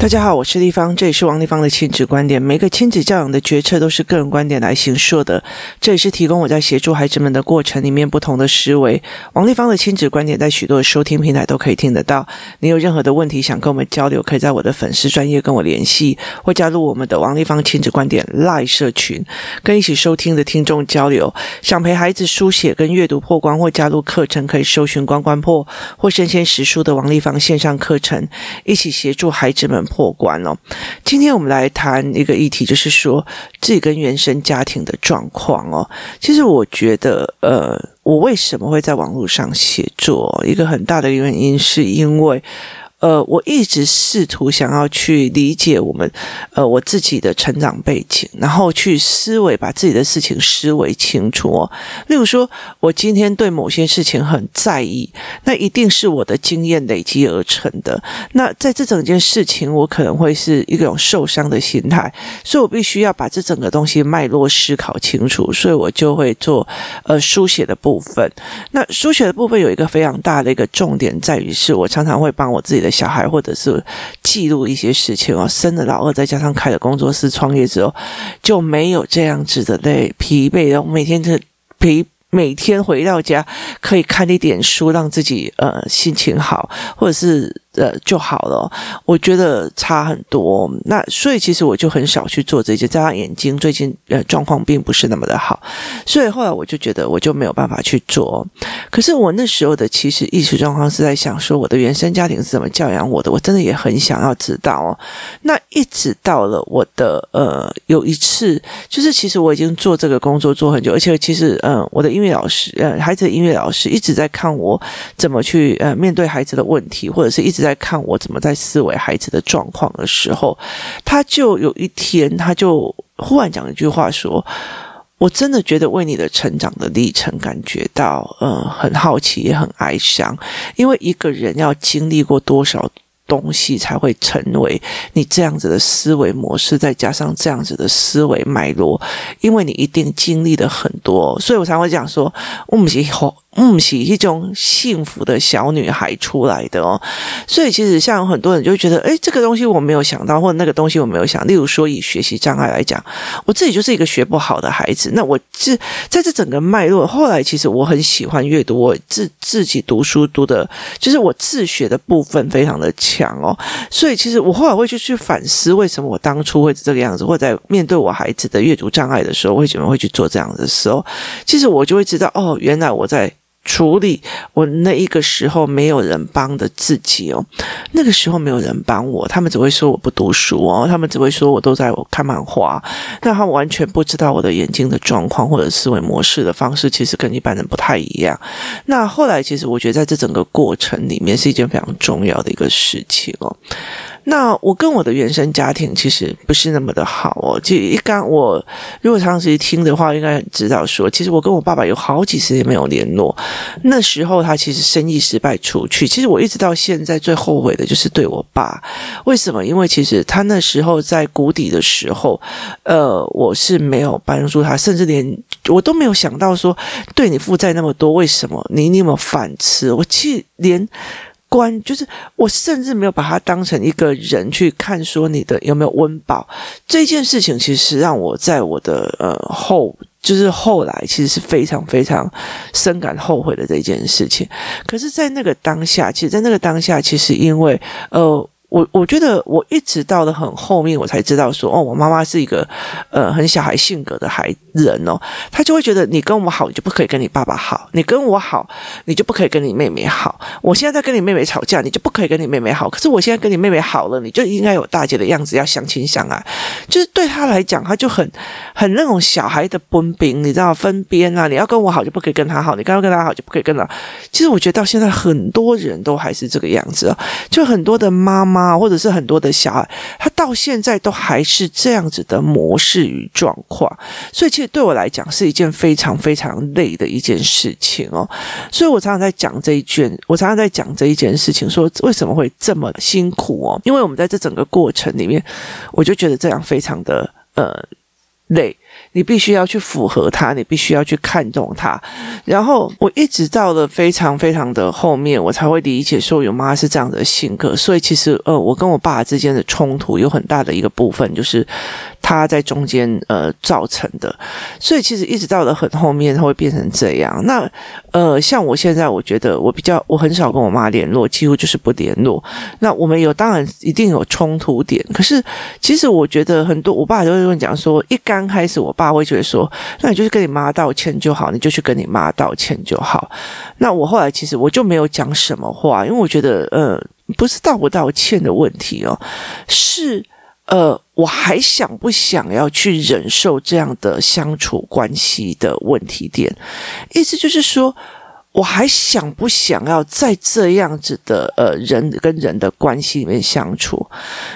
大家好，我是麗芳，這裡是王麗芳的親子觀點。每個親子教養的決策都是個人觀點來形塑的，這也是提供我在協助孩子們的過程裡面不同的思維。王麗芳的親子觀點在許多的收聽平台都可以聽得到。你有任何的問題想跟我們交流，可以在我的粉絲專頁跟我聯繫，或加入我們的王麗芳親子觀點 LINE 社群，跟一起收聽的聽眾交流。想陪孩子書寫跟閱讀破關，或加入課程，可以搜尋“關關破”或“生鮮識書”的王麗芳線上課程，一起協助孩子們。破關了哦。今天我們來談一個議題，就是說自己跟原生家庭的狀況哦。其實我覺得，呃，我為什麼會在網絡上寫作，一個很大的原因是因為。呃，我一直試圖想要去理解我們，呃，我自己的成長背景，然後去思維，把自己的事情思維清楚哦。例如說，我今天對某些事情很在意，那一定是我的經驗累積而成的。那在這整件事情，我可能會是一種受傷的心態，所以我必須要把這整個東西脈絡思考清楚。所以我就會做呃，書寫的部分。那書寫的部分有一個非常大的一個重點在於是，是我常常會幫我自己的。小孩，或者是記錄一些事情哦。生了老二，再加上開了工作室，創業之後就沒有這樣子的對疲憊、哦。的，每天的疲，每天回到家可以看一點書，讓自己呃心情好，或者是。呃，就好了。我覺得差很多，那所以其實我就很少去做這些。加上眼睛最近呃狀況並不是那麼的好，所以後來我就覺得我就沒有辦法去做。可是我那時候的其實意識狀況是在想說，我的原生家庭是怎麼教養我的？我真的也很想要知道哦。那一直到了我的呃有一次，就是其實我已經做這個工作做很久，而且其實嗯、呃，我的音樂老師呃孩子的音樂老師一直在看我怎麼去呃面對孩子的問題，或者是一直。在看我怎麼在思維孩子的狀況的時候，他就有一天，他就忽然講一句話說：“我真的覺得為你的成長的歷程感覺到，呃、嗯，很好奇，也很哀傷，因為一個人要經歷過多少東西才會成為你這樣子的思維模式，再加上這樣子的思維脈絡，因為你一定經歷了很多。”所以我才會講說：“我們以後。”嗯，是一種幸福的小女孩出來的哦，所以其實像很多人就會覺得，誒，這個東西我沒有想到，或者那個東西我沒有想。例如說，以學習障礙來講，我自己就是一個學不好的孩子。那我這在這整個脈絡，後來其實我很喜歡閱讀，我自自己讀書讀的，就是我自學的部分非常的強哦。所以其實我後來會去去反思，為什麼我當初會是這個樣子，或者在面對我孩子的閱讀障礙的時候，為什麼會去做這樣的事哦。其實我就會知道，哦，原來我在。處理我那一個時候沒有人幫的自己哦，那個時候沒有人幫我，他們只會說我不讀書哦，他們只會說我都在我看漫畫，那他完全不知道我的眼睛的狀況或者思維模式的方式其實跟一般人不太一樣。那後來其實我覺得在這整個過程裡面是一件非常重要的一個事情哦。那我跟我的原生家庭其實不是那麼的好哦。其實一剛我如果長時間聽的話，應該知道說，其實我跟我爸爸有好幾十年沒有聯絡。那時候他其實生意失敗出去，其實我一直到現在最後悔的就是對我爸。為什麼？因為其實他那時候在谷底的時候，呃，我是沒有幫助他，甚至連我都沒有想到說對你負債那麼多，為什麼你你，有沒有反思？我其實連。關就是我甚至沒有把他當成一個人去看，說你的有沒有溫飽。這件事情，其實讓我在我的呃後，就是後來，其實是非常非常深感後悔的這件事情。可是，在那個當下，其實，在那個當下，其實因為呃。我我覺得我一直到了很後面，我才知道說，哦，我媽媽是一個呃很小孩性格的孩人哦，他就會覺得你跟我們好，你就不可以跟你爸爸好；你跟我好，你就不可以跟你妹妹好。我現在在跟你妹妹吵架，你就不可以跟你妹妹好。可是我現在跟你妹妹好了，你就應該有大姐的樣子，要相親相愛。就是對他來講，他就很很那種小孩的分邊，你知道分邊啊？你要跟我好，就不可以跟他好；你剛剛跟他好，就不可以跟他。其實我覺得到現在很多人都還是這個樣子啊、哦，就很多的媽媽。啊，或者是很多的小孩，他到現在都還是這樣子的模式與狀況，所以其實對我來講是一件非常非常累的一件事情哦。所以我常常在講這一件，我常常在講這一件事情，說為什麼會這麼辛苦哦？因為我們在這整個過程裡面，我就覺得這樣非常的呃累。你必須要去符合他，你必須要去看重他，然後我一直到了非常非常的後面，我才會理解說，我媽是這樣的性格。所以其實，呃，我跟我爸之間的衝突有很大的一個部分就是。他在中間呃造成的，所以其實一直到了很後面，他會變成這樣。那呃，像我現在，我覺得我比較我很少跟我媽聯絡，幾乎就是不聯絡。那我們有當然一定有衝突點，可是其實我覺得很多，我爸都會講說，一剛開始我爸會覺得說，那你就是跟你媽道歉就好，你就去跟你媽道歉就好。那我後來其實我就沒有講什麼話，因為我覺得呃，不是道不道歉的問題哦，是。呃，我還想不想要去忍受這樣的相處關係的問題點？意思就是說，我還想不想要在這樣子的呃人跟人的關係裡面相處？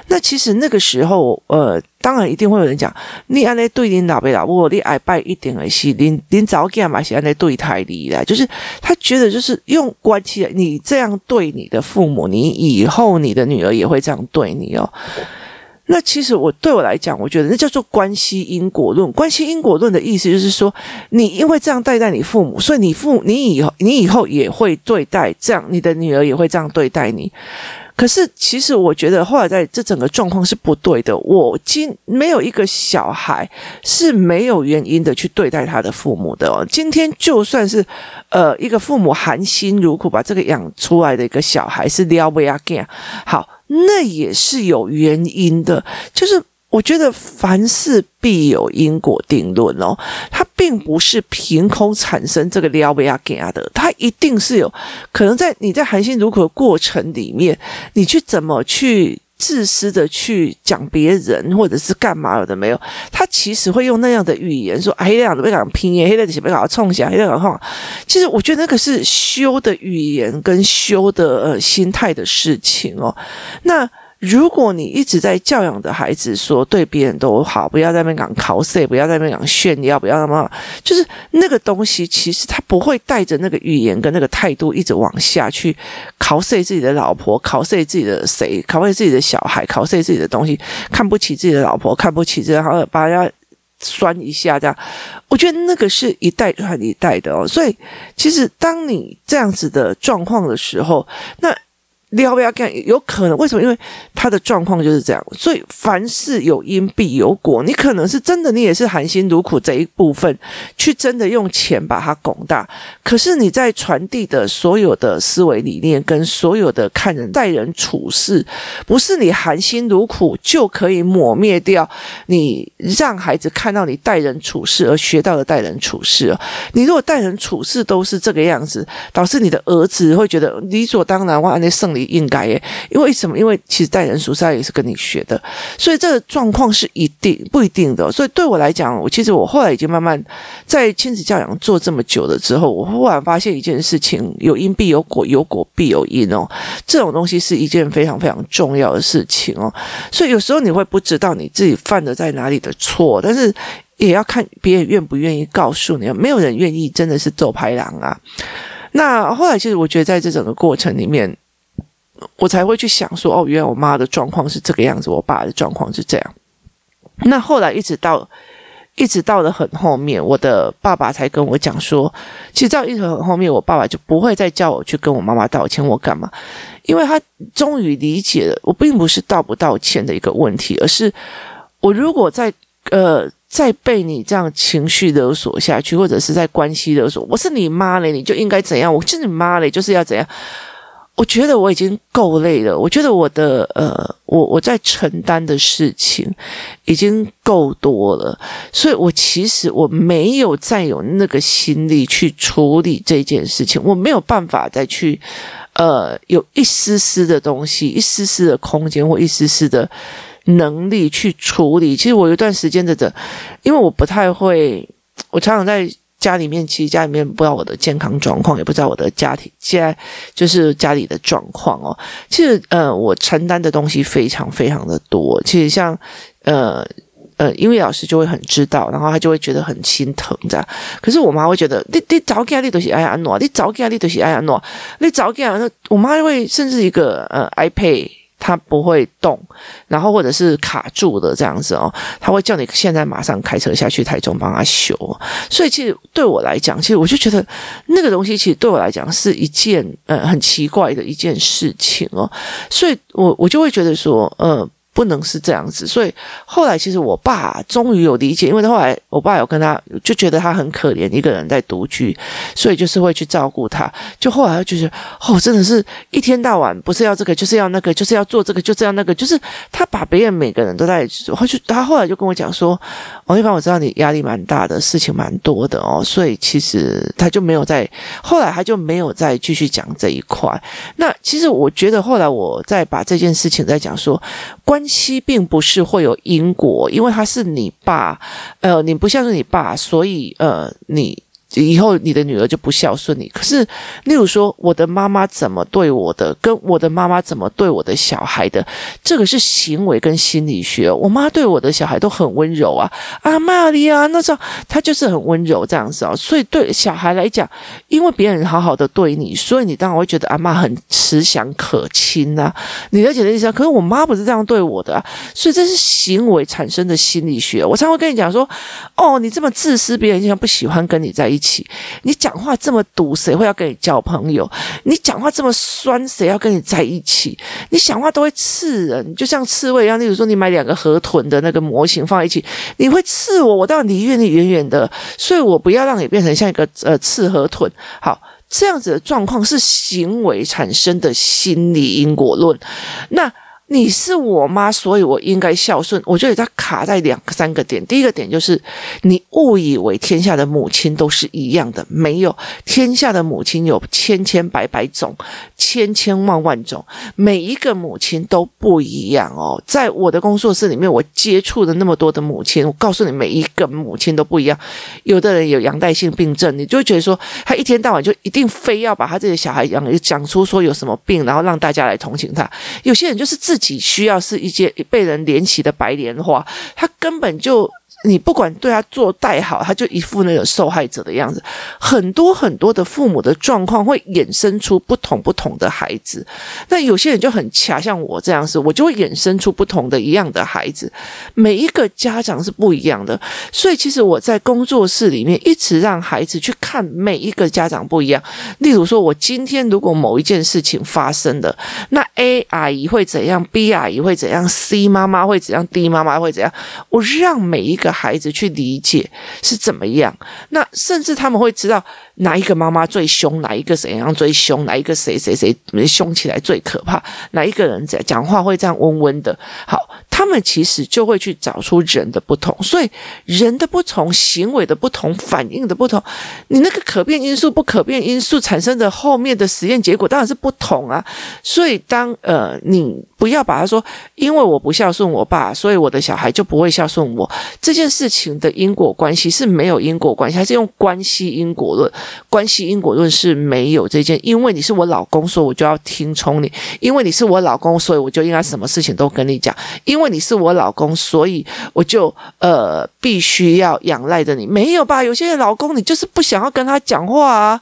那其實那個時候，呃，當然一定會有人講，你安內對你老爸老母，你矮拜一定是你你早幹嘛，是安內對台裡來，就是他覺得，就是用關係來，你這樣對你的父母，你以後你的女兒也會這樣對你哦。那其實我對我來講，我覺得那叫做關係因果論。關係因果論的意思就是說，你因為這樣對待你父母，所以你父母你以後你以後也會對待這樣，你的女兒也會這樣對待你。可是其實我覺得後來在這整個狀況是不對的。我今沒有一個小孩是沒有原因的去對待他的父母的哦。今天就算是呃一個父母含辛茹苦把這個養出來的一個小孩是撩不亞 n 好。那也是有原因的，就是我覺得凡事必有因果定論哦，它並不是憑空產生這個療癒給阿的，它一定是有可能在你在含辛茹苦的過程裡面，你去怎麼去。自私的去講別人，或者是幹嘛了的沒有？他其實會用那樣的語言說：“哎，這樣子被搞拼音，黑的子被搞要衝起來，黑的子哈。”其實我覺得那個是修的語言跟修的、呃、心態的事情哦。那。如果你一直在教養的孩子說，對別人都好，不要在那邊講 cos，不要在那邊講炫耀，不要那麼，就是那個東西，其實他不會帶着那個語言跟那個態度一直往下去 cos 自己的老婆，cos 自己的誰，cos 自己的小孩，cos 自己的東西，看不起自己的老婆，看不起自己，好像把人家酸一下這樣。我覺得那個是一代傳一代的哦。所以，其實當你這樣子的狀況的時候，那。你要不要幹？有可能？為什麼？因為他的狀況就是這樣。所以凡事有因必有果。你可能是真的，你也是含辛茹苦這一部分去真的用錢把它拱大。可是你在傳遞的所有的思維理念跟所有的看人待人處事，不是你含辛茹苦就可以抹滅掉。你讓孩子看到你待人處事而學到的待人處事。你如果待人處事都是這個樣子，導致你的兒子會覺得理所當然哇，那勝利應該耶，因為什麼？因為其實待人處事也是跟你學的，所以這個狀況是一定不一定的。所以對我來講，我其實我後來已經慢慢在親子教養做這麼久了之後，我忽然發現一件事情：有因必有果，有果必有因哦。這種東西是一件非常非常重要的事情哦。所以有時候你會不知道你自己犯的在哪裡的錯，但是也要看別人願不願意告訴你。沒有人願意真的是走排狼啊。那後來其實我覺得，在這整個過程裡面。我才會去想說，哦，原來我媽的狀況是這個樣子，我爸的狀況是這樣。那後來一直到一直到了很後面，我的爸爸才跟我講說，其實到一直很後面，我爸爸就不會再叫我去跟我媽媽道歉，我幹嘛？因為他終於理解了，我並不是道不道歉的一個問題，而是我如果再呃再被你這樣情緒勒索下去，或者是在關係勒索，我是你媽嘞，你就應該怎樣？我是你媽嘞，就是要怎樣？我覺得我已經夠累了，我覺得我的呃，我我在承擔的事情已經夠多了，所以，我其實我沒有再有那個心力去處理這件事情，我沒有辦法再去呃，有一絲絲的東西，一絲絲的空間，或一絲絲的能力去處理。其實我有一段時間的的，因為我不太會，我常常在。家裡面，其實家裡面不知道我的健康狀況，也不知道我的家庭家就是家裡的狀況哦。其實呃，我承擔的東西非常非常的多。其實像呃呃，英語老師就會很知道，然後他就會覺得很心疼這樣、啊。可是我媽會覺得，你你早嫁你都是愛呀諾，你早嫁，啊、你都是愛呀諾，你早嫁那、啊啊、我媽會甚至一個呃 iPad。I pay 他不會動，然後或者是卡住的這樣子哦，他會叫你現在馬上開車下去台中幫他修。所以其實對我來講，其實我就覺得那個東西其實對我來講是一件呃很奇怪的一件事情哦。所以我，我我就會覺得說，呃。不能是這樣子，所以後來其實我爸終於有理解，因為他後來我爸有跟他就覺得他很可憐，一個人在獨居，所以就是會去照顧他。就後來就覺得哦，真的是一天到晚不是要這個就是要那個，就是要做這個就這樣。那個，就是他把別人每個人都在，他就他後來就跟我講說哦，麗芳我知道你壓力蠻大的，事情蠻多的哦，所以其實他就沒有再後來他就沒有再繼續講這一塊。那其實我覺得後來我再把這件事情再講說關。關係並不是會有因果，因為他是你爸，呃，你不像是你爸，所以呃，你，以後你的女兒就不孝順你。可是，例如說，我的媽媽怎麼對我的，跟我的媽媽怎麼對我的小孩的，這個是行為跟心理學。我媽對我的小孩都很溫柔啊，啊，媽啊，瑪利亞那時候她就是很溫柔這樣子啊、哦。所以對小孩來講，因為別人好好的對你，所以你當然會覺得阿媽很慈祥可親啊。你了解的意思、啊？可是我媽不是這樣對我的、啊，所以這是行為產生的心理學。我常會跟你講說，哦，你這麼自私，別人經常不喜歡跟你在一起。你講話這麼毒，誰會要跟你交朋友？你講話這麼酸，誰要跟你在一起？你講話都會刺人，就像刺蝟一樣。例如說，你買兩個河豚的那個模型放在一起，你會刺我，我到你遠離遠，遠遠的，所以我不要讓你變成像一個呃刺河豚。好，這樣子的狀況是行為產生的心理因果論。那。你是我媽，所以我應該孝順。我覺得他卡在兩個三個點。第一個點就是你誤以為天下的母親都是一樣的，沒有天下的母親有千千百百種、千千萬萬種，每一個母親都不一樣哦。在我的工作室裡面，我接觸的那麼多的母親，我告訴你，每一個母親都不一樣。有的人有陽代性病症，你就會覺得說他一天到晚就一定非要把他這個小孩養，講出說有什麼病，然後讓大家來同情他。有些人就是自己。需要是一些被人憐惜的白蓮花，他根本就。你不管對他做再好，他就一副那個受害者的樣子。很多很多的父母的狀況會衍生出不同不同的孩子。那有些人就很強，像我這樣子，我就會衍生出不同的一樣的孩子。每一個家長是不一樣的，所以其實我在工作室裡面一直讓孩子去看每一個家長不一樣。例如說，我今天如果某一件事情發生了，那 A 阿姨會怎樣，B 阿姨會怎樣，C 媽媽會怎樣，D 媽媽會怎樣，我讓每一個。孩子去理解是怎麼樣，那甚至他們會知道哪一個媽媽最凶，哪一個怎樣最凶，哪一個誰誰誰，誰凶起來最可怕，哪一個人在講話會這樣嗡嗡的。好，他們其實就會去找出人的不同，所以人的不同、行為的不同、反應的不同，你那個可變因素、不可變因素產生的後面的實驗結果當然是不同啊。所以當呃你。不要把他說，因為我不孝順我爸，所以我的小孩就不會孝順我。這件事情的因果關係是沒有因果關係，還是用關係因果論？關係因果論是沒有這件。因為你是我老公，所以我就要聽從你；因為你是我老公，所以我就應該什麼事情都跟你講；因為你是我老公，所以我就呃必須要仰賴着你。沒有吧？有些人老公，你就是不想要跟他講話啊。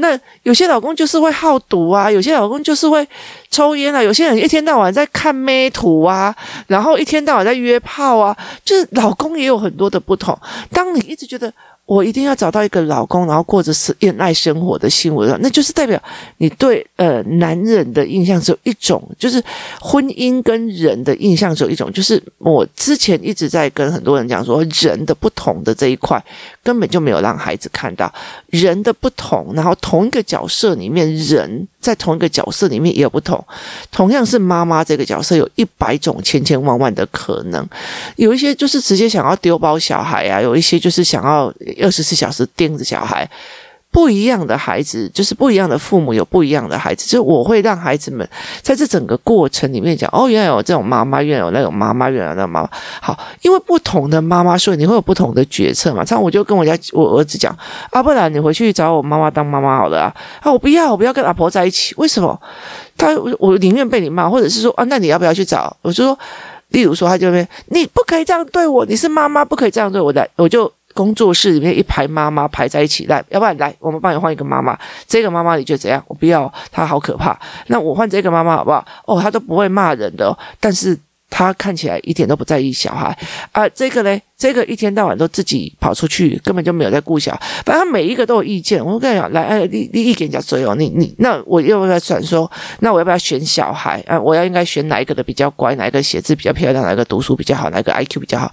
那有些老公就是會好賭啊，有些老公就是會抽煙，啊有些人一天到晚在看妹圖啊，然後一天到晚在約炮啊，就是老公也有很多的不同。當你一直覺得。我一定要找到一個老公，然後過着是戀愛生活的新聞，那就是代表你對呃男人的印象只有一種，就是婚姻跟人的印象只有一種，就是我之前一直在跟很多人講說，人的不同的這一塊根本就沒有讓孩子看到人的不同，然後同一個角色裡面人在同一個角色裡面也有不同，同樣是媽媽這個角色，有一百種千千萬萬的可能，有一些就是直接想要丟包小孩啊，有一些就是想要，二十四小時盯着小孩，不一樣的孩子就是不一樣的父母，有不一樣的孩子，就是我會讓孩子們在這整個過程裡面講，哦，原來有這種媽媽，原來有那種媽媽，原來有那種媽媽。好，因為不同的媽媽，所以你會有不同的決策嘛。這樣我就跟我家我兒子講啊，不然你回去找我媽媽當媽媽好了啊。啊，我不要，我不要跟阿婆在一起。為什麼？他，我寧願被你罵，或者是說啊，那你要不要去找？我就說，例如說，他就會，你不可以這樣對我，你是媽媽，不可以這樣對我的，我就。工作室裡面一排媽媽排在一起，來，要不然來，我們幫你換一個媽媽。這個媽媽你覺得怎樣？我不要，她好可怕。那我換這個媽媽好不好？哦，她都不會罵人的、哦，但是她看起來一點都不在意小孩。啊、呃，這個呢，這個一天到晚都自己跑出去，根本就沒有在顧小孩。反正她每一個都有意見。我跟你講，來，哎、呃，你你一點講追用。你、哦、你那我又不要轉說？那我要不要選小孩？啊、呃、我要應該選哪一個的比較乖？哪一個寫字比較漂亮？哪一個讀書比較好？哪一個 IQ 比較好？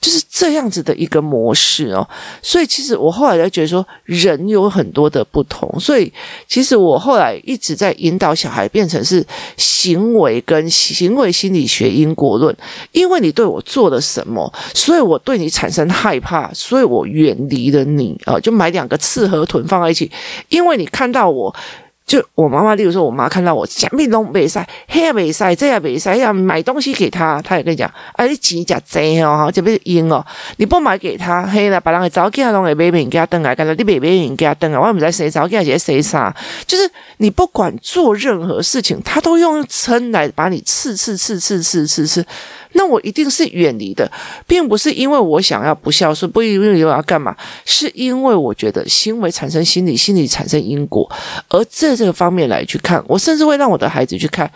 就是這樣子的一個模式哦，所以其實我後來才覺得說，人有很多的不同，所以其實我後來一直在引導小孩變成是行為跟行為心理學因果論。因為你對我做了什麼，所以我對你產生害怕，所以我遠離了你啊，就買兩個刺河豚放在一起，因為你看到我。就我媽媽，例如說，我媽看到我，下面攏未曬，黑也未曬，這樣未曬要買東西給她，她也跟你講，哎、啊，你幾隻錢哦，哈，這邊銀哦，你不買給她，黑了把那個鈔票弄給妹妹，給她等來，感覺你妹妹給人家等來，我也不知道誰鈔票是誰啥，就是你不管做任何事情，她都用稱來把你刺刺刺刺刺刺刺。那我一定是遠離的，並不是因為我想要不孝順，不因為我要幹嘛，是因為我覺得行為產生心理，心理產生因果，而在這個方面來去看，我甚至會讓我的孩子去看。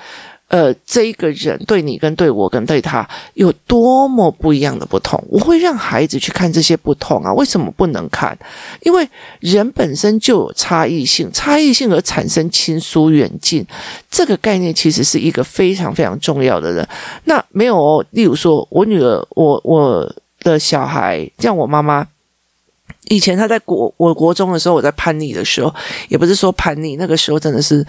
呃，這一個人對你跟對我跟對他有多麼不一樣的不同，我會讓孩子去看這些不同啊，為什麼不能看？因為人本身就有差異性，差異性而產生親疏遠近，這個概念其實是一個非常非常重要的人。那沒有哦，例如說，我女兒，我我的小孩，像我媽媽，以前她在國我國中的時候，我在叛逆的時候，也不是說叛逆，那個時候真的是。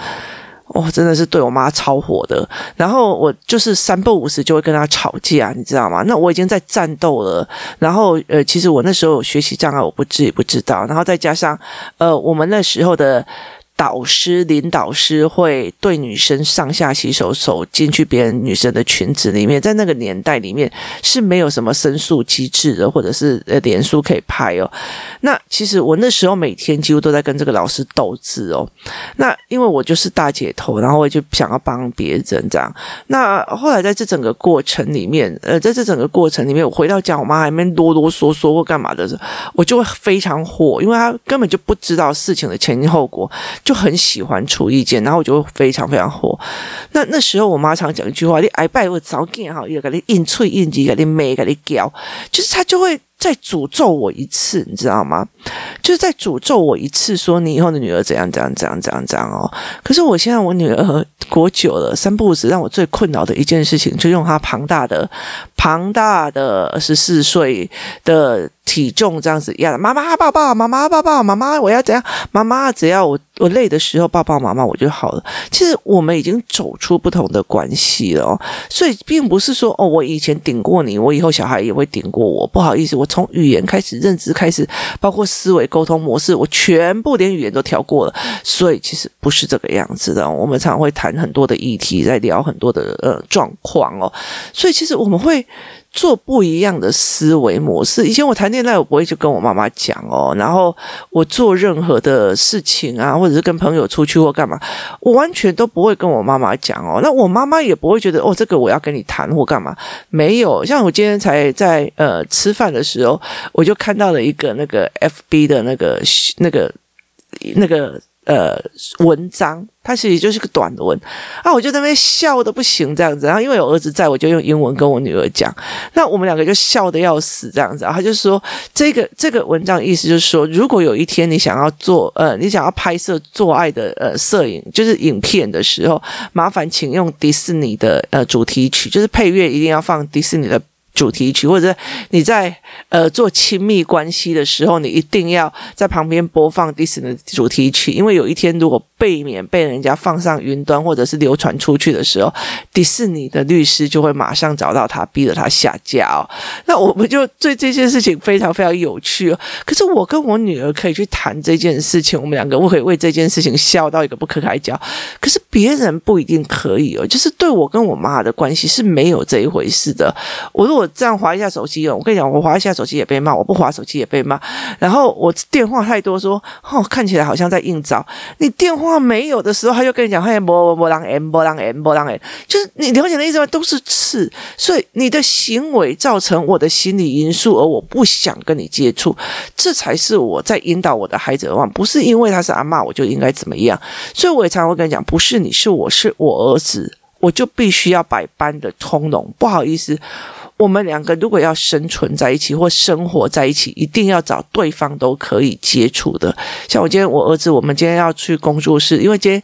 我、哦、真的是對我媽超火的，然後我就是三不五時就會跟她吵架，你知道嗎？那我已經在戰鬥了，然後呃，其實我那時候學習障礙，我自己也不知道，然後再加上呃，我們那時候的。導師、領導師會對女生上下洗手，手進去別人女生的裙子裡面，在那個年代裡面是沒有什麼申訴機制的，或者是呃，臉書可以拍哦。那其實我那時候每天幾乎都在跟這個老師鬥智哦。那因為我就是大姐頭，然後我就想要幫別人這樣。那後來在這整個過程裡面，呃，在這整個過程裡面，我回到家，我媽還沒囉囉嗦嗦或幹嘛的時候，我就會非常火，因為她根本就不知道事情的前因後果。就很喜歡出意見，然後我就會非常非常火。那那時候我媽常講一句話：“你挨敗我早見哈，又給你硬脆硬擠，給你美，給你搞。”就是她就會再詛咒我一次，你知道嗎？就是在詛咒我一次，說你以後的女兒怎樣怎樣怎樣怎樣怎樣哦。可是我現在我女兒過久了，三步子讓我最困擾的一件事情，就用她龐大的龐大的十四歲的體重這樣子壓。媽媽抱抱，媽媽抱抱，媽媽我要怎樣？媽媽只要我。我累的時候，爸爸媽媽我就好了。其實我們已經走出不同的關係了哦，所以並不是說哦，我以前頂過你，我以後小孩也會頂過我。不好意思，我從語言開始、認知開始，包括思維、溝通模式，我全部連語言都跳過了。所以其實不是這個樣子的。我們常常會談很多的議題，在聊很多的，呃，狀況哦。所以其實我們會。做不一樣的思維模式。以前我談戀愛，我不會去跟我媽媽講哦。然後我做任何的事情啊，或者是跟朋友出去或幹嘛，我完全都不會跟我媽媽講哦。那我媽媽也不會覺得哦，這個我要跟你談或幹嘛？沒有。像我今天才在呃吃飯的時候，我就看到了一個那個 FB 的那個那個那個。那個呃，文章，它其實就是一個短文啊，我就在那邊笑的不行這樣子，然後因為有兒子在，我就用英文跟我女兒講，那我們兩個就笑的要死這樣子，然後啊，他就說這個這個文章意思就是說，如果有一天你想要做呃，你想要拍攝做愛的呃攝影，就是影片的時候，麻煩請用迪士尼的呃主題曲，就是配樂一定要放迪士尼的。主題曲，或者你在呃做親密關係的時候，你一定要在旁邊播放迪士尼的主題曲，因為有一天如果避免被人家放上雲端或者是流傳出去的時候，迪士尼的律師就會馬上找到他，逼着他下架哦。那我們就對這件事情非常非常有趣哦。可是我跟我女兒可以去談這件事情，我們兩個我可以為這件事情笑到一個不可開交，可是別人不一定可以哦。就是對我跟我媽的關係是沒有這一回事的。我如果這樣滑一下手機哦，我跟你講，我滑一下手機也被罵，我不滑手機也被罵。然後我電話太多說，說哦，看起來好像在硬找你，電話沒有的時候，他就跟你講，嘿，波浪 M，波浪 M，波浪 M，就是你了解的意思嗎？都是刺，所以你的行為造成我的心理因素，而我不想跟你接觸，這才是我在引導我的孩子的話。往往不是因為他是阿嬤，我就應該怎麼樣？所以我也常會跟你講，不是你，是我是，是我兒子，我就必須要百般的通融。不好意思。我們兩個如果要生存在一起或生活在一起，一定要找對方都可以接觸的。像我今天，我兒子，我們今天要去工作室，因為今天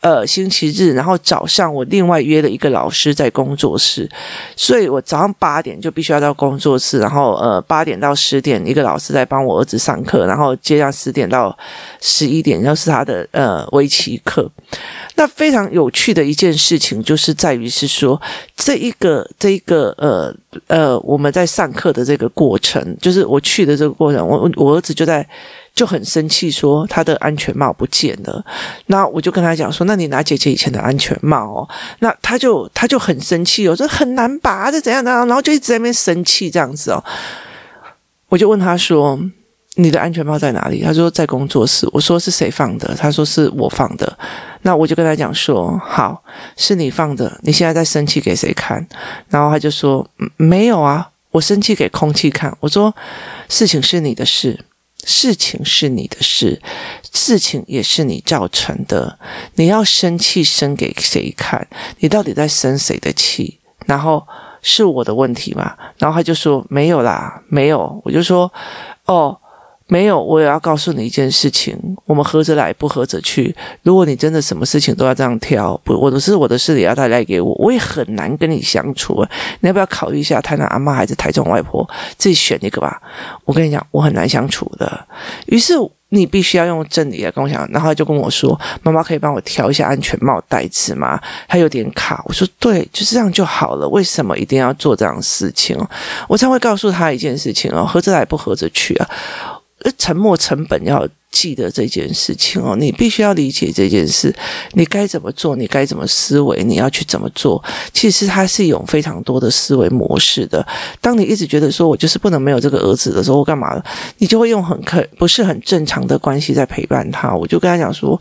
呃星期日，然後早上我另外約了一個老師在工作室，所以我早上八點就必須要到工作室，然後呃八點到十點一個老師在幫我兒子上課，然後接上十點到十一點又是他的呃圍棋課。那非常有趣的一件事情，就是在於是說，這一個這一個呃呃，我們在上課的這個過程，就是我去的這個過程，我我兒子就在就很生氣，說他的安全帽不見了。那我就跟他講說，那你拿姐姐以前的安全帽哦。那他就他就很生氣哦，說很難拔，這怎樣怎樣，然後就一直在那邊生氣這樣子哦。我就問他說。你的安全帽在哪裡？他說在工作室。我說，是誰放的？他說是我放的。那我就跟他講說：好，是你放的。你現在在生氣給誰看？然後他就說：嗯，沒有啊，我生氣給空氣看。我說：事情是你的事，事情是你的事，事情也是你造成的。你要生氣生給誰看？你到底在生誰的氣？然後是我的問題嗎？然後他就說：沒有啦，沒有。我就說：哦。沒有，我也要告訴你一件事情：我們合着來，不合着去。如果你真的什麼事情都要這樣挑不，我的事，我的事，你要帶來給我，我也很難跟你相處。啊，你要不要考慮一下，他的阿媽還是台中外婆，自己選一個吧。我跟你講，我很難相處的。於是你必須要用真理來跟我講。然後他就跟我說：“媽媽可以幫我調一下安全帽帶子嗎？他有點卡。”我說：“對，就這樣就好了。為什麼一定要做這樣的事情？”我才會告訴他一件事情哦：合着來，不合着去啊。呃，沉沒成本要記得這件事情哦，你必須要理解這件事，你該怎麼做，你該怎麼思維，你要去怎麼做。其實他是有非常多的思維模式的。當你一直覺得說我就是不能沒有這個兒子的時候，我幹嘛了？你就會用很可不是很正常的關係在陪伴他。我就跟他講說。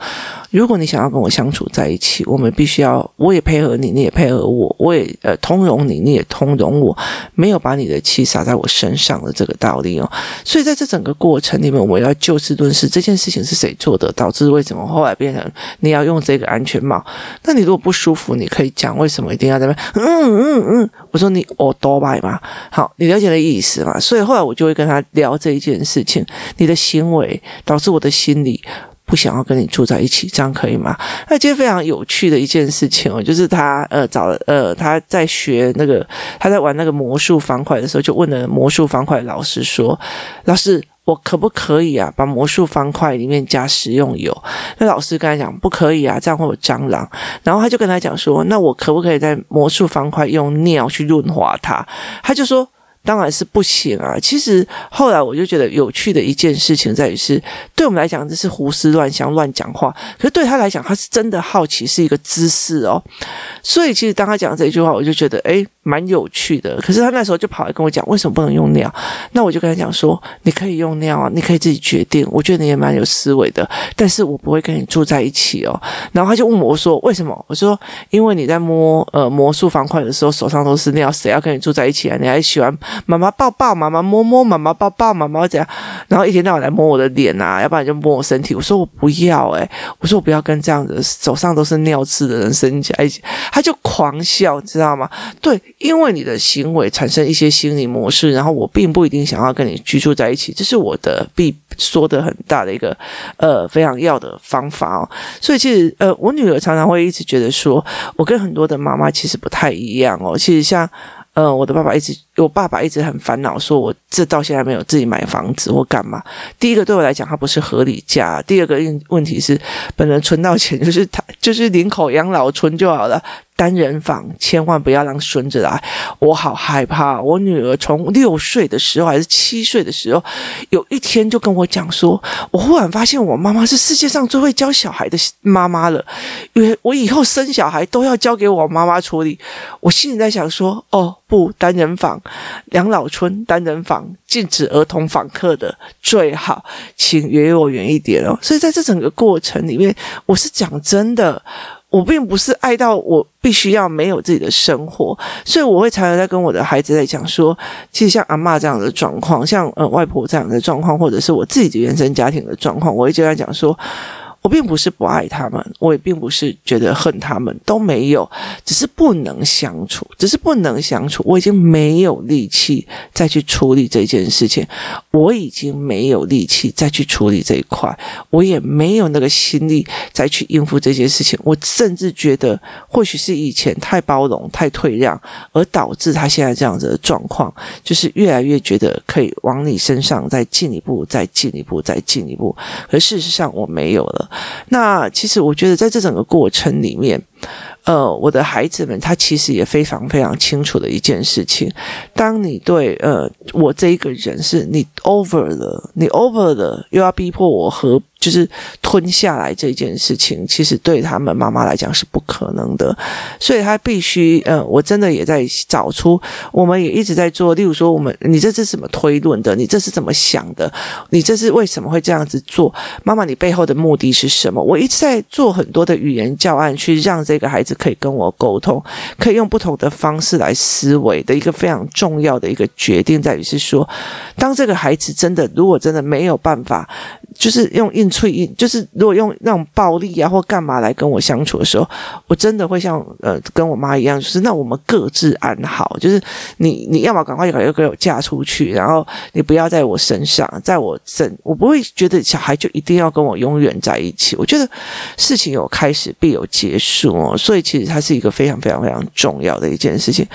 如果你想要跟我相處在一起，我們必須要我也配合你，你也配合我，我也呃通融你，你也通融我，沒有把你的氣撒在我身上的這個道理哦。所以在這整個過程裡面，我要就事論事，這件事情是誰做的，導致為什麼後來變成你要用這個安全帽？那你如果不舒服，你可以講，為什麼一定要在那邊？嗯嗯嗯，我說你我多拜嘛，好，你了解了意思嘛？所以後來我就會跟他聊這一件事情，你的行為導致我的心理。不想要跟你住在一起，這樣可以嗎？那今天非常有趣的一件事情哦，就是他呃找了呃他在學那個他在玩那個魔術方塊的時候，就問了魔術方塊的老師說：“老師，我可不可以啊把魔術方塊裡面加食用油？”那老師跟他講：“不可以啊，這樣會有蟑螂。”然後他就跟他講說：“那我可不可以在魔術方塊用尿去潤滑它？”他就說。當然是不行啊！其實後來我就覺得有趣的一件事情在於是，對我們來講這是胡思亂想、亂講話，可是對他來講，他是真的好奇，是一個知識哦。所以其實當他講這一句話，我就覺得誒，蠻有趣的。可是他那時候就跑來跟我講，為什麼不能用尿？那我就跟他講說，你可以用尿啊，你可以自己決定。我覺得你也蠻有思維的，但是我不會跟你住在一起哦。然後他就問我說為什麼？我說因為你在摸呃魔術方塊的時候，手上都是尿，誰要跟你住在一起啊？你還喜歡。媽媽抱抱，媽媽摸摸，媽媽抱抱，媽媽這樣，然後一天到晚來摸我的臉啊，要不然就摸我身體。我說我不要，欸，哎，我說我不要跟這樣子手上都是尿漬的人生活在一起，他就狂笑，你知道嗎？對，因為你的行為產生一些心理模式，然後我並不一定想要跟你居住在一起，這是我的必說的很大的一個呃非常要的方法哦。所以其實呃，我女兒常常會一直覺得說，我跟很多的媽媽其實不太一樣哦。其實像呃，我的爸爸一直。我爸爸一直很煩惱，說我這到現在沒有自己買房子，我幹嘛？第一個對我來講，他不是合理價啊；第二個問問題是，本人存到錢就是他就是領口養老存就好了，單人房，千萬不要讓孫子來，我好害怕啊。我女兒從六歲的時候還是七歲的時候，有一天就跟我講說，我忽然發現我媽媽是世界上最會教小孩的媽媽了，因為我以後生小孩都要交給我媽媽處理。我心裡在想說，哦，不，單人房。兩老村單人房禁止，兒童訪客的，最好請離我遠一點哦。所以在這整個過程裡面，我是講真的，我並不是愛到我必須要沒有自己的生活，所以我會常常在跟我的孩子在講說，其實像阿媽這樣的狀況，像，呃，外婆這樣的狀況，或者是我自己的原生家庭的狀況，我會經常講說。我並不是不愛他們，我也並不是覺得恨他們，都沒有，只是不能相處，只是不能相處。我已經沒有力氣再去處理這件事情，我已經沒有力氣再去處理這一塊，我也沒有那個心力再去應付這些事情。我甚至覺得，或許是以前太包容、太退讓，而導致他現在這樣子的狀況，就是越來越覺得可以往你身上再進一步、再進一步、再進一步。而事實上，我沒有了。那其實我覺得，在這整個過程裡面，呃，我的孩子們他其實也非常非常清楚的一件事情，當你對呃我這一個人是你 over 了，你 over 了，又要逼迫我和。就是吞下來這件事情，其實對他們媽媽來講是不可能的，所以他必須，嗯，我真的也在找出，我們也一直在做，例如說我們，你這是怎麼推論的？你這是怎麼想的？你這是為什麼會這樣子做？媽媽，你背後的目的是什麼？我一直在做很多的語言教案，去讓這個孩子可以跟我溝通，可以用不同的方式來思維的一個非常重要的一個決定，在於是說，當這個孩子真的，如果真的沒有辦法。就是用硬催硬，就是如果用那種暴力啊或幹嘛來跟我相處的時候，我真的會像呃跟我媽一樣，就是那我們各自安好。就是你你要麼趕快趕快給我嫁出去，然後你不要在我身上，在我身，我不會覺得小孩就一定要跟我永遠在一起。我覺得事情有開始必有結束哦，所以其實它是一個非常非常非常重要的一件事情。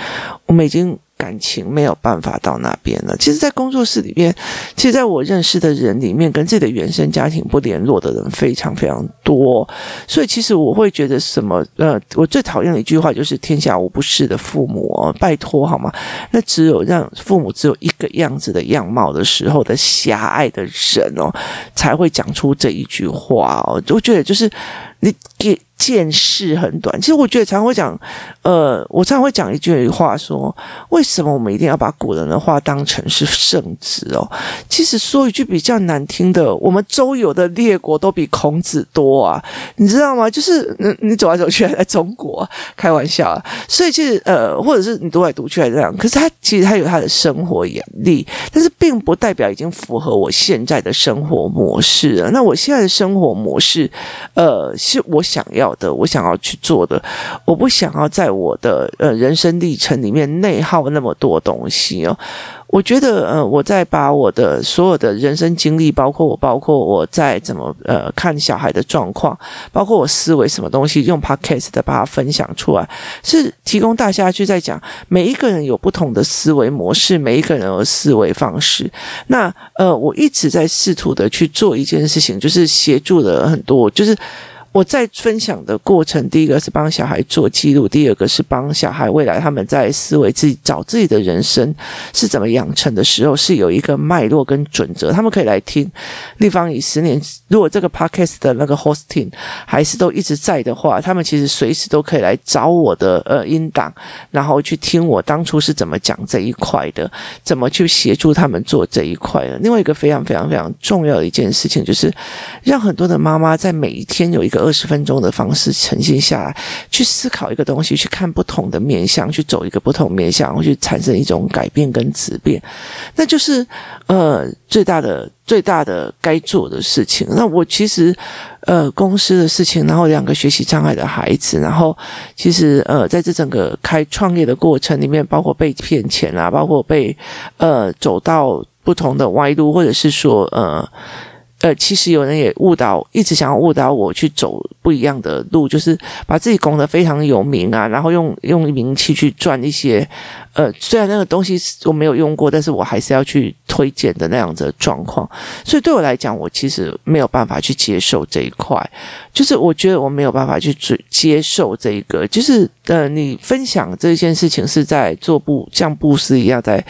我們已經。感情沒有辦法到那邊了。其實，在工作室裡面，其實在我認識的人裡面，跟自己的原生家庭不聯絡的人非常非常多。所以，其實我會覺得什麼？呃，我最討厭的一句話就是“天下無不是的父母哦”，拜託好嗎？那只有讓父母只有一個樣子的樣貌的時候的狹隘的人哦，才會講出這一句話哦。我覺得就是。你給見識很短，其實我覺得常，常會講，呃，我常，常會講一句話說，為什麼我們一定要把古人的話當成是聖旨哦？其實說一句比較難聽的，我們周遊的列國都比孔子多啊，你知道嗎？就是你你走來走去還在中國啊，開玩笑啊！所以其實呃，或者是你讀來讀去這樣，可是他其實他有他的生活閱歷，但是並不代表已經符合我現在的生活模式啊。那我現在的生活模式，呃。是我想要的，我想要去做的。我不想要在我的呃人生歷程裡面內耗那麼多東西哦。我覺得呃，我在把我的所有的人生經歷，包括我，包括我在怎麼呃看小孩的狀況，包括我思維什麼東西，用 podcast 的把它分享出來，是提供大家去在講。每一個人有不同的思維模式，每一個人有思維方式。那呃，我一直在試圖的去做一件事情，就是協助了很多，就是。我在分享的過程，第一個是幫小孩做記錄，第二個是幫小孩未來他們在思維自己找自己的人生是怎麼養成的時候，是有一個脈絡跟準則。他們可以來聽立方以十年，如果這個 podcast 的那個 hosting 還是都一直在的話，他們其實隨時都可以來找我的呃音檔，然後去聽我當初是怎麼講這一塊的，怎麼去協助他們做這一塊的。另外一個非常非常非常重要的一件事情，就是讓很多的媽媽在每一天有一個。二十分鐘的方式呈現下來，去思考一個東西，去看不同的面向，去走一個不同面向，去產生一種改變跟質變，那就是呃最大的最大的該做的事情。那我其實呃公司的事情，然後兩個學習障礙的孩子，然後其實呃在這整個開創業的過程裡面，包括被騙錢啦，包括被呃走到不同的歪路，或者是說呃。呃，其實有人也誤導，一直想要誤導我去走不一樣的路，就是把自己拱得非常有名啊，然後用用名氣去賺一些，呃，雖然那個東西我沒有用過，但是我還是要去推薦的那樣子的狀況。所以對我來講，我其實沒有辦法去接受這一塊，就是我覺得我沒有辦法去接接受這一個，就是。呃，你分享這件事情是在做佈像佈施一樣在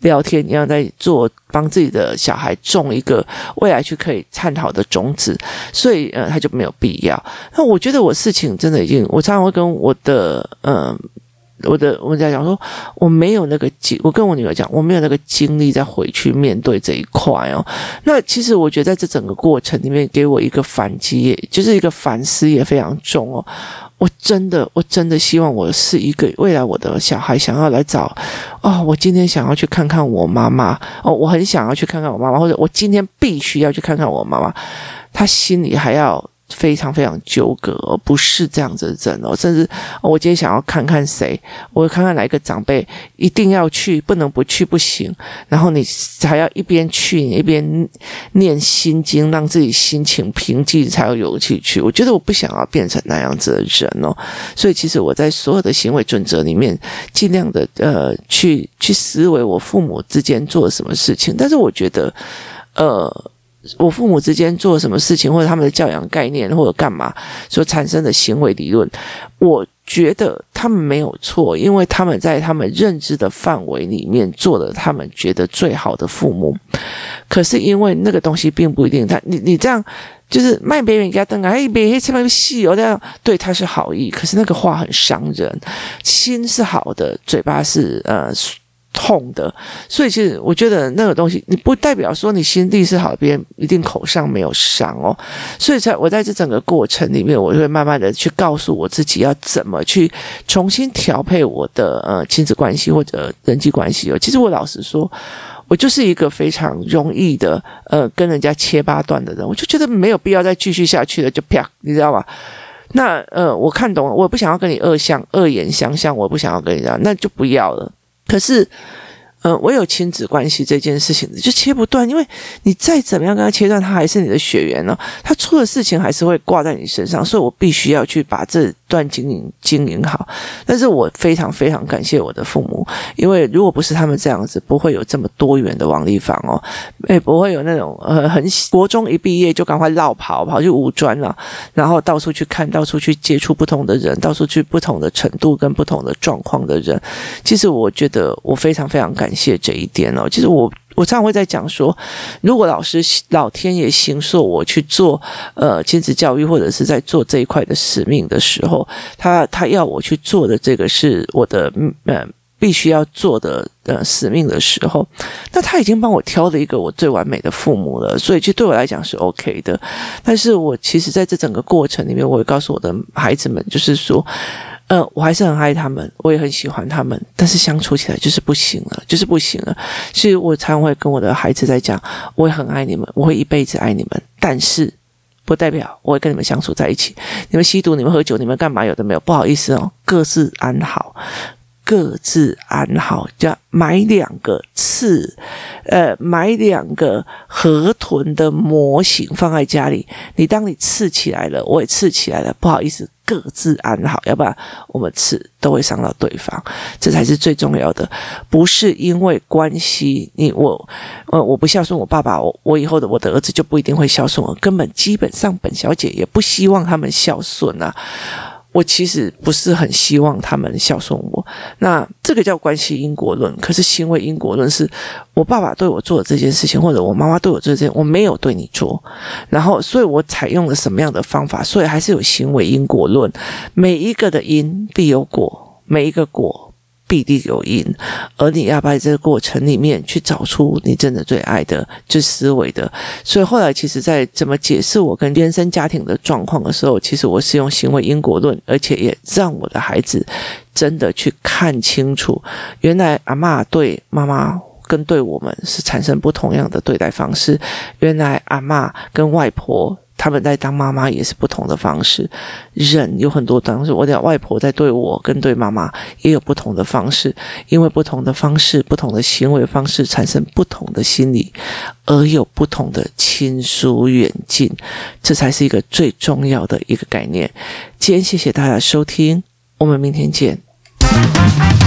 聊天一樣，在做幫自己的小孩種一個未來去可以探討的種子，所以呃他就沒有必要。那我覺得我事情真的已經，我常常會跟我的嗯、呃、我的我們在講說我沒有那個經，我跟我女兒講我沒有那個精力再回去面對這一塊哦。那其實我覺得在這整個過程裡面給我一個反擊也，就是一個反思也非常重哦。我真的，我真的希望我是一個未來，我的小孩想要來找啊、哦！我今天想要去看看我媽媽哦，我很想要去看看我媽媽，或者我今天必須要去看看我媽媽，她心裡還要。非常非常糾葛，不是這樣子的人哦。甚至我今天想要看看誰，我看看哪一個長輩，一定要去，不能不去不行。然後你還要一邊去一邊念心經，讓自己心情平靜，才有勇氣去。我覺得我不想要變成那樣子的人哦。所以其實我在所有的行為準則裡面，盡量的呃去去思維我父母之間做什麼事情。但是我覺得，呃。我父母之間做什麼事情，或者他們的教養概念，或者幹嘛所產生的行為理論，我覺得他們沒有錯，因為他們在他們認知的範圍裡面做了他們覺得最好的父母。可是因為那個東西並不一定，他你你這樣就是賣別人家燈啊，哎別千萬別細哦，這樣對他是好意，可是那個話很傷人，心是好的，嘴巴是呃。痛的，所以其實我覺得那個東西，你不代表說你心地是好的，別人一定口上沒有傷哦。所以，在我在這整個過程裡面，我就會慢慢的去告訴我自己要怎麼去重新調配我的呃親子關係或者人際關係哦。其實我老實說，我就是一個非常容易的呃跟人家切八段的人，我就覺得沒有必要再繼續下去了，就啪，你知道吧？那呃，我看懂了，我不想要跟你惡相惡言相向，我不想要跟你這樣，那就不要了。可是，呃，我有親子關係這件事情，就切不斷，因為你再怎麼樣跟他切斷，他還是你的血緣呢、哦，他出了事情還是會掛在你身上，所以我必須要去把這。斷經營經營好，但是我非常非常感謝我的父母，因為如果不是他們這樣子，不會有這麼多元的王麗芳哦，哎，不會有那種呃，很國中一畢業就趕快落跑跑去五專了，啊，然後到處去看到處去接觸不同的人，到處去不同的程度跟不同的狀況的人，其實我覺得我非常非常感謝這一點哦，其實我。我常常會在講說，如果老師老天爺行，說我去做呃，親子教育或者是在做這一塊的使命的時候，他他要我去做的這個是我的嗯、呃、必須要做的呃使命的時候，那他已經幫我挑了一個我最完美的父母了，所以其實對我來講是 OK 的。但是我其實在這整個過程裡面，我會告訴我的孩子們，就是說。呃，我還是很愛他們，我也很喜歡他們，但是相處起來就是不行了，就是不行了。所以，我常常會跟我的孩子在講，我也很愛你們，我會一輩子愛你們，但是不代表我會跟你們相處在一起。你們吸毒，你們喝酒，你們幹嘛？有的沒有？不好意思哦，各自安好，各自安好。叫買兩個刺，呃，買兩個河豚的模型放在家裡。你當你刺起來了，我也刺起來了。不好意思。各自安好，要不然我們吃都會傷到對方，這才是最重要的。不是因為關係你我，呃，我不孝順我爸爸，我我以後的我的兒子就不一定會孝順。我根本基本上，本小姐也不希望他們孝順啊。我其實不是很希望他們孝順我，那這個叫關係因果論。可是行為因果論是我爸爸對我做的這件事情，或者我媽媽對我做的這件事情，我沒有對你做，然後所以我採用了什麼樣的方法，所以還是有行為因果論。每一個的因必有果，每一個果。必定有因，而你要，不要在這個過程裡面去找出你真的最愛的、最思維的。所以後來，其實在怎麼解釋我跟原生家庭的狀況的時候，其實我是用行為因果論，而且也讓我的孩子真的去看清楚：原來阿嬤對媽媽跟對我們是產生不同樣的對待方式。原來阿嬤跟外婆。他們在當媽媽也是不同的方式，人有很多方式。我的外婆在對我跟對媽媽也有不同的方式，因為不同的方式、不同的行為方式產生不同的心理，而有不同的親疏遠近，這才是一個最重要的一個概念。今天謝謝大家收聽，我們明天見。